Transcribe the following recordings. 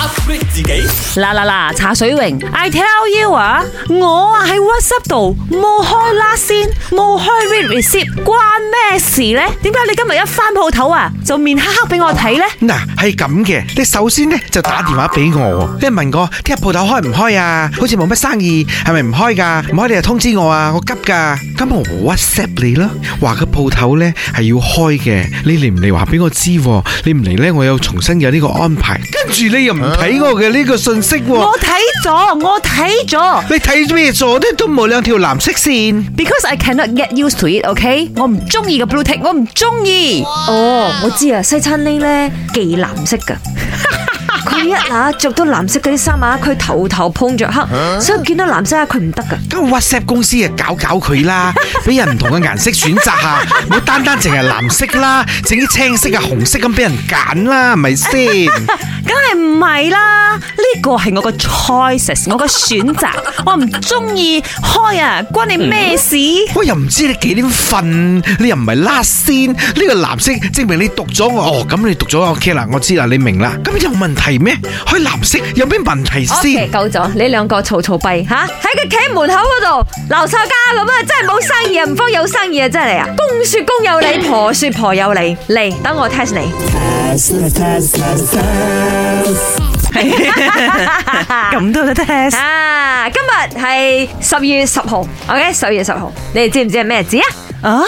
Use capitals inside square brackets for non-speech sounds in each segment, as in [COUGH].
update 自己啦啦啦！查水泳，I tell you 啊，我啊喺 WhatsApp 度冇開拉線，冇開 receipt，關咩事咧？點解你今日一返鋪頭啊，就面黑黑俾我睇咧？嗱，係咁嘅，你首先咧就打電話俾我，你問我聽日鋪頭開唔開啊？好似冇乜生意，係咪唔開噶？唔開你就通知我啊，我急噶，咁我 WhatsApp 你咯，話個鋪頭咧係要開嘅，你嚟唔嚟話俾我知？你唔嚟咧，我又重新有呢個安排。跟住你又唔睇我嘅呢個信息？我睇咗，我睇咗。你睇咗咩咧？都冇兩條藍色線。Because I cannot get used to it，OK？我唔中意個 blue tick，我唔中意。哦，我知啊，西餐廳咧忌藍色噶。佢一下着到藍色嘅啲衫啊，佢頭頭碰着黑，所以見到藍色啊，佢唔得噶。咁 WhatsApp 公司啊，搞搞佢啦，俾人唔同嘅顏色選擇下，唔單單淨係藍色啦，整啲青色啊、紅色咁俾人揀啦，係咪先？梗係唔係啦，呢個係我個 choices，我個選擇，我唔中意開啊，關你咩事？我又唔知你幾點瞓，你又唔係拉先，呢個藍色證明你讀咗我哦，咁你讀咗我，ok 啦，我知啦，你明啦，咁有問題咩？開藍色有咩問題先？我夠咗，你兩個嘈嘈閉吓，喺佢企門口嗰度鬧散家咁啊，真係冇生意啊，唔方有生意啊，真係嚟啊，公說公有理，婆說婆有理，嚟，等我 test 你。咁都得啊！今日係十二月十號，OK？十二月十號，你哋知唔知係咩日子啊？啊！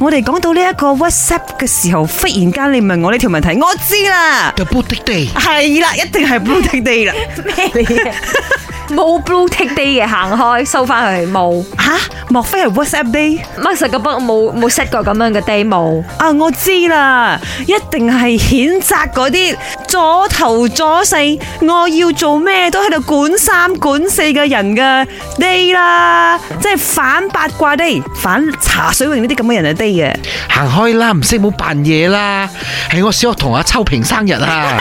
我哋講到呢一個 WhatsApp 嘅時候，忽然間你問我呢條問題，我知啦。就 boot day 係啦，一定係 boot day 啦。咩嚟嘅？ [LAUGHS] [LAUGHS] 冇 blue take day 嘅行開收翻佢冇吓，莫非係 WhatsApp day？乜實個筆冇冇 set 過咁樣嘅 day 冇啊？我知啦，一定係譴責嗰啲左頭左勢，我要做咩都喺度管三管四嘅人嘅 day 啦，嗯、即係反八卦 day，反茶水會呢啲咁嘅人嘅 day 嘅。行開啦，唔識冇扮嘢啦，係我小學同學秋萍生日啊！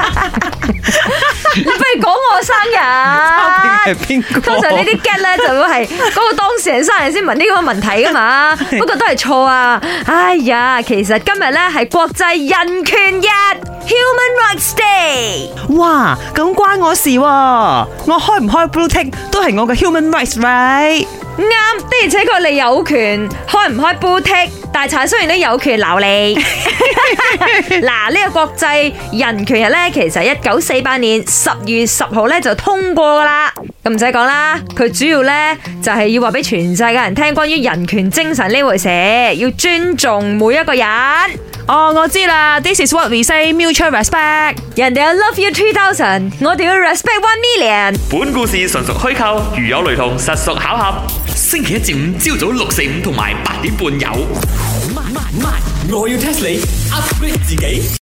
[LAUGHS] [LAUGHS] 你 [LAUGHS] 不如講我生日、啊，通常呢啲 get 咧就會係嗰個當事人生日先問呢個問題噶嘛， [LAUGHS] 不過都係錯啊！哎呀，其實今日咧係國際人權日 （Human Rights Day）。哇，咁關我事、啊？我開唔開 blue tick 都係我嘅 human rights right。啱，的而且確你有權開唔開 blue tick，大賊雖然都有權鬧你。嗱， [LAUGHS] [LAUGHS] [LAUGHS] 呢、這個國際人權日咧，其實一九四八年。十月十號咧就通過㗎啦，咁唔使講啦，佢主要咧就係、是、要話俾全世界人聽關於人權精神呢回事，要尊重每一個人。哦，我知啦，This is what we say, mutual respect。人哋要 love you two thousand，我哋要 respect one million。本故事純屬虛構，如有雷同，實屬巧合。星期一至五朝早六四五同埋八點半有。Oh, my, my, my. 我要 test 你，upgrade 自己。